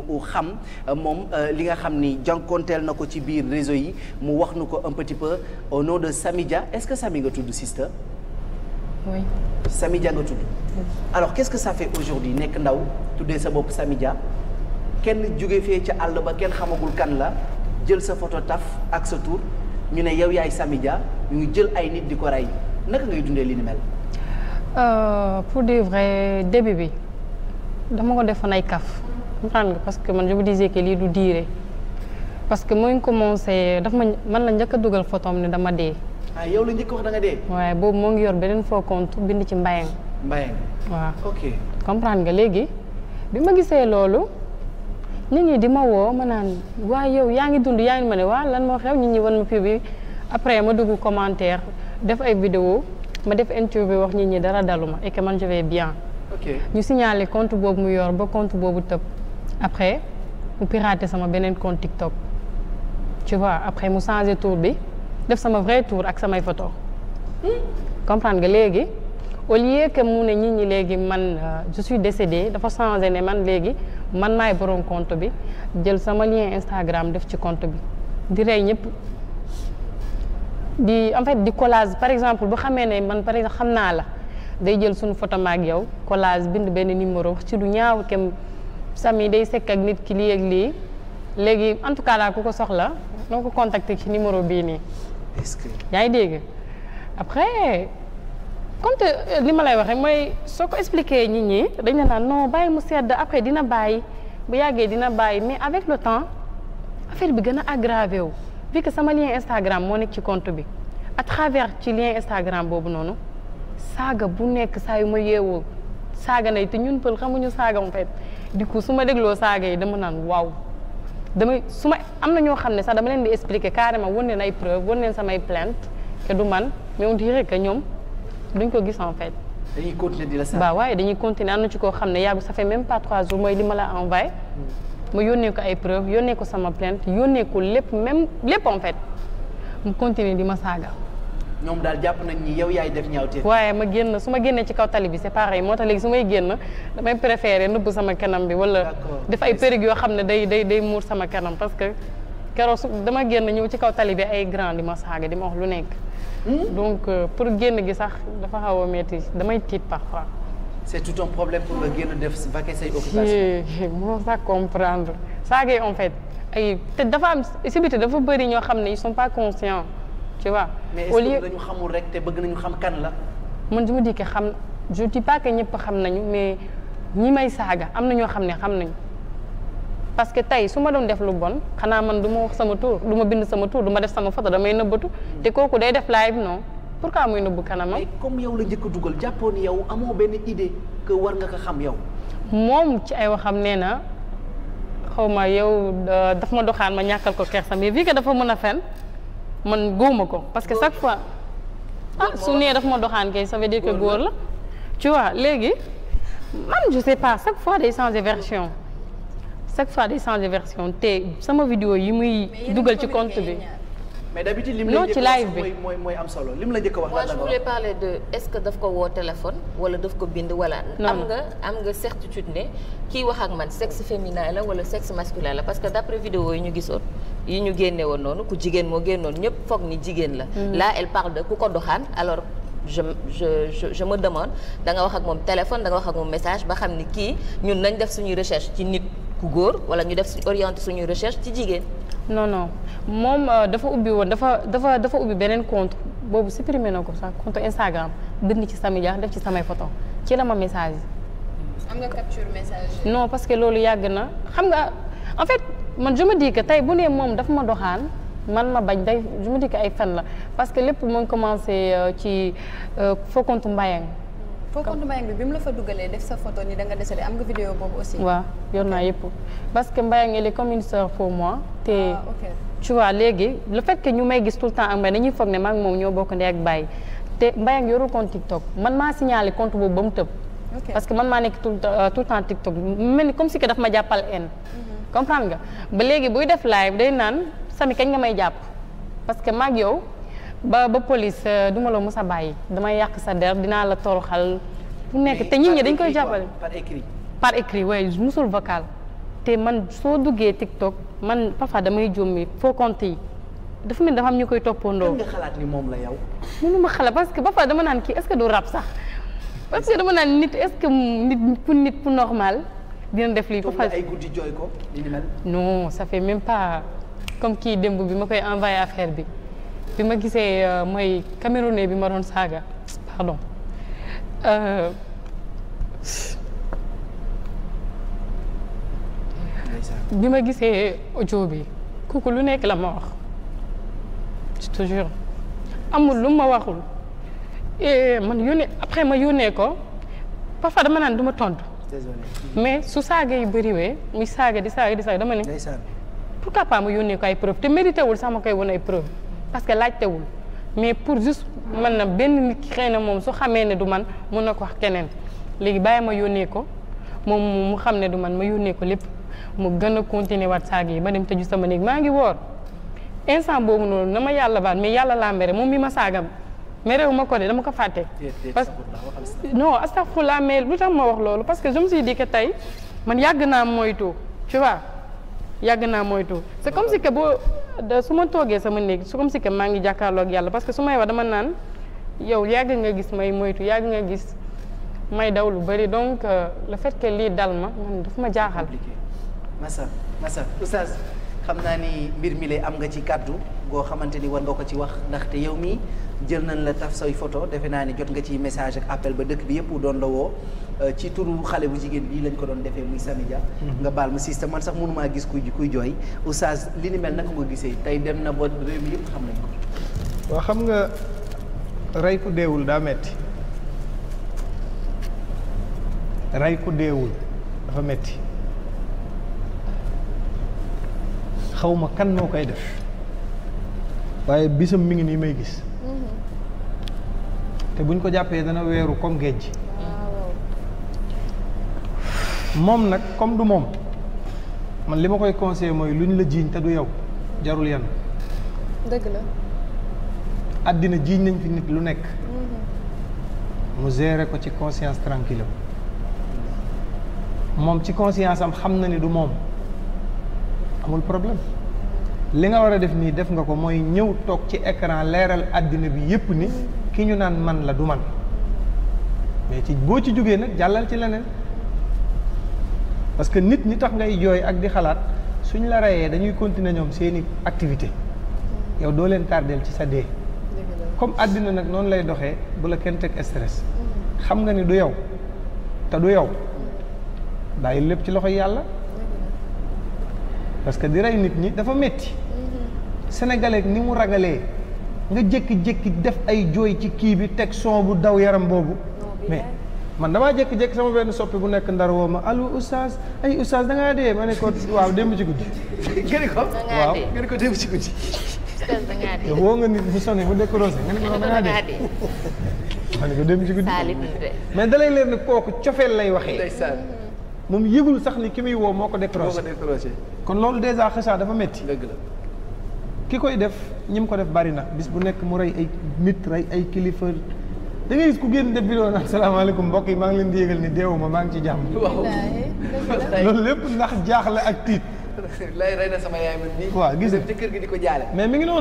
ñu xam euh, moom euh, li nga xam ni jànkonteel na ko ci biir réseau yi mu wax nu ko un petit peu au nom de Samy Dia est-ce que sami nga tudd sister oui Samy nga tudd alors qu'est-ce que ça fait aujourd'hui nekk ndaw tuddee sa bopp Samy kenn jóge fee ca àll ba kenn xamagul kan la jël sa photo taf ak sa tur ñu ne yow yaay Samy Dia ngi jël ay nit di ko rey naka ngay dundee li ni mel euh, pour de vrai début bi dama ko defoon ay kaf comprendre nga parce que man je me disais lii du diire parce que mooy commencé daf ma man la njëkk a dugal photom ne dama dee. ah yow la njëkk wax da waaye boobu moo ngi yor beneen faux compte bind ci mbayang. mbayang waaw ok. comprendre nga léegi bi ma gisee loolu nit ñi di ma woo ma naan waaye yow yaa ngi dund yaa ngi ma ne waa lan moo xew nit ñi wan ma fi après ma dugg commentaire def ay vidéo ma def interview wax nit ñi dara dalu ma que man je bien. ok ñu signalé compte boobu mu yor ba compte boobu tëb. après mu piraté sama beneen compte TikTok tu vois après mu changé tour bi def sama vrai tour ak samay photo comprendre nga léegi au lieu que mu ne nit ñi léegi man euh, je suis décédé dafa changé ne man léegi man maay borom compte bi jël sama lien Instagram def ci compte bi di rey ñëpp di en fait di collage par exemple bu xamee ne man par exemple xam naa la day jël suñu photo ma yow collage bind benn numéro wax ci lu ñaaw kem Samy day sekk ak nit ki lii yëg lii léegi en tout cas daal ku ko soxla noo ko contacter ci numéro bii nii. est-ce yaa ngi dégg après compte euh, li ma lay waxee mooy soo ko expliquer nit ñi dañ la naan non bàyyi mu sedd après dina bàyyi bu yàggee dina bàyyi mais avec le temps affaire bi gën a aggravé wu. vu que sama lien Instagram moo nekk ci compte bi à travers ci lien Instagram boobu noonu saaga bu nekk saa yu ma yeewoo saaga na nay te ñun pël xamuñu saaga mu fet du coup su ma dégloo saaga yi dama naan waaw damay su ma am na ñoo xam ne sax dama leen di expliquer carrément wan leen ay preuve wan leen samay plainte que du man mais on dirait que ñoom duñ ko gis en fait. dañuy continuer di la waaye dañuy continuer am na ci koo xam ne yàggu ça fait même pas trois jours mooy li la envoyé. Hmm. ma yónnee ko ay preuve yónnee ko sama plainte yónnee ko lépp même lépp en fait mu continuer di ma saaga. ñoom daal jàpp nañ ni yow yaay def ñaawteef. waaye ma génn su ma génnee ci kaw tali bi c'est pareil moo tax léegi su may génn damay préférer nëbb sama kanam bi wala. def ay perruque yoo xam ne day day day muur sama kanam parce que keroog su dama génn ñëw ci kaw tali bi ay grand di ma saaga lu nekk. Hmm? donc euh, pour génn gi sax dafa xaw a metti damay tiit parfois. c'est tout un def vaquer say occupation. mënoo sax comprendre saaga yi en fait ay dafa am si biti dafa bëri ñoo xam ne ils sont pas conscients. ci vois. au mais est-ce dañu xamul rek te bëgg nañu xam kan la. man je me dis xam je dis pas que ñëpp xam nañu mais ñi may saaga am na ñoo xam ne xam nañu. parce que tey su ma doon def lu bon xanaa man du ma wax sama tur du ma bind sama tur du ma def sama photo damay nëbbatu te kooku day def live non pourquoi muy nëbbu kanamam. mais comme yow la njëkk a dugal jàppoon yow amoo benn idée que war nga ko xam yow. moom ci ay waxam nee na xaw ma yow euh, daf ma doxaan ma ñàkkal ko kersa mais bii que dafa mën a fen man góoma ko parce que chaque fois ah su nee daf ma doxaan kay ça veut dire que la tu vois léegi man je sais pas chaque fois day changer version chaque fois day changer version te sama vidéo yi muy dugal ci compte bi mais d'habitude lim la njëkk mooy mooy am solo li mu la njëkk wax. moi je voulais parler de daf ko woo téléphone wala daf ko bind wala. am nga am nga certitude ne kiy wax ak man sexe féminin la wala sexe masculin la parce que d'après vidéo yi ñu gisoon. yi ñu génne woon noonu ku jigéen moo génnoon ñëpp foog ni jigéen la. Mm. la elle parle de ku ko doxaan alors. je je je je nga wax ak moom téléphone da nga wax ak moom message ba xam ni kii ñun nañ def suñuy recherche ci nit ku góor wala ñu def suñu orienté suñuy recherche ci jigéen. non non moom euh, dafa ubbi woon dafa dafa dafa ubbi beneen compte boobu supprimé na ko sax compte Instagram dindi ci sami def ci samay photo ci la ma message yi. am nga capture que loolu yàgg na xam nga en man je me dis tey bu nee moom daf ma doxaan man ma bañ bay je ay fen la parce que lépp mu ngi commencé euh, ci euh, Fokontu Mbayang. Fokontu Mbayang bi mu la fa dugalee def sa photo ni da nga desale am nga vidéo boobu aussi. waaw yor naa yëpp parce que Mbayang elle est comme une moi. te ah, okay. tu léegi le fait ñu may gis tout le temps ak mbay dañuy foog ne maa ngi moom ñoo bokk ndey ak bàyyi te Mbayang yorul compte TikTok man maa signalé compte boobu ba mu tëb. parce que man maa nekk tout euh, tout temps TikTok mel ni comme si que daf comprendre nga ba léegi buy def live day naan sami kañ nga may jàpp parce que maag yow ba ba police euh, du ma la mus a bàyyi damay yàq sa der dinaa la toroxal fu nekk te nit ñi dañ koy jàppale par écrit par écrit waaye musul vocal te man soo duggee TikTok man parfois damay jommi foo compte yi dafa mel dafa am ñu koy toppandoo. nga xalaat moom la yow. mënu ma xalaat parce que parfois dama naan kii est-ce que du rap sax parce que dama naan nit est-ce que nit pour nit pour normal dina def lii. faj ay guddi jooy ko li même pas comme kii démb bi ma koy envoyé affaire bi bi ma gisee euh, mooy camerounais bi ma doon saaga pardon. Euh... bi ma gisee audio bi kooku lu nekk la ma wax je amul lu ma waxul man yónnee après ma yónnee ko parfois dama naan du ma tontu. mais su saaga yi bëriwee muy saaga di saaga di saaga dama ne. pourquoi pas ma yónnee ay preuve te wul sax koy won ay preuve parce que laajtewul mais pour juste man na benn nit ki xëy na moom su xamee ne du man mun na ko wax keneen léegi bàyyi ma yónnee ko moom mu xam ne du man ma yónnee ko lépp mu gën a continuer waat saaga yi ba dem tëju sama néeg maa ngi woor instant boobu noonu na ma yàlla baal mais yàlla laa mere moom mi ma saagam merewu ma ko de dama ko fàtte. parce que non astaghfirullah mais lu tax ma wax loolu parce que je me suis dit tey man yàgg naa moytu tu vois yàgg naa moytu c' est comme si que boo su ma toogee sama néeg su comme si que maa ngi jàkkaarlook yàlla parce que su may wax dama naan yow yàgg nga gis may moytu yàgg nga gis may daw lu bëri donc euh, la fait que lii dal ma man daf ma jaaxal. masa masa oustaz xam naa ni mbir mi lay am nga ci kàddu goo xamante ni war nga ko ci wax ndaxte yow mii. jël nañ la taf say photo defe naa ni jot nga ci message ak appel ba dëkk bi yëpp doon la woo euh, ci turu xale bu jigéen bii lañ ko doon defee muy Samidia mm-hmm. nga baal ma système man sax mënumaa gis kuy kuy jooy oustaz li ni mel naka nga gisee tey dem na ba réew mi yëpp xam nañ ko waaw xam nga rey ku deewul daa metti rey ku deewul dafa metti xawma kan moo koy def waaye bisam mi ngi nii may gis te buñ ko jàppee dana weeru comme géej moom nag comme du moom man li ma koy conseillé mooy lu ñu la jiiñ te du yow jarul yenn dëgg la àddina jiiñ nañ fi nit lu nekk mm-hmm. mu gérer ko ci conscience tranquille moom ci conscience am xam na ni du moom amul problème li nga war a def nii def nga ko mooy ñëw toog ci écran leeral àddina bi yépp ni ki ñu naan man la du man mais ci boo ci jógee nag jàllal ci leneen parce que nit ñi tax ngay jooy ak di xalaat suñ la reyee dañuy continuer ñoom seeni activité yow doo leen tardeel ci sa dee comme àddina nag noonu lay doxee bu la kenn teg stress xam nga ni du yow te du yow bàyyi lépp ci loxo yàlla parce que di rey nit ñi dafa metti sénégalais ni mu ragalee nga jékki-jékki def ay jooy ci kii bi teg son bu daw yaram boobu. mais man damaa jékki-jékki sama benn soppi bu nekk ndar woo ma allo oustaz ay oustaz da ngaa dee ma ne ko waaw démb ci guddi. gën ko waaw gën ko démb ci mais dalay leer ne kooku cofeel lay waxee. moom yëgul sax ni ki muy woo moo ko décroché kon loolu dèjà xëcca dafa métti dëgg ki koy def ñi mu ko def bari na bis bu nekk mu rey ay nit rey ay kilifa da gis ku génn def vidéo naan salaamaaleykum mbokk yi maa ngi leen di yégal ni deewuma maa ngi ci jàmm loolu lépp ndax jaaxle ak tiit lay rey na sama kër gi di ko jaale mais mi ngi noonu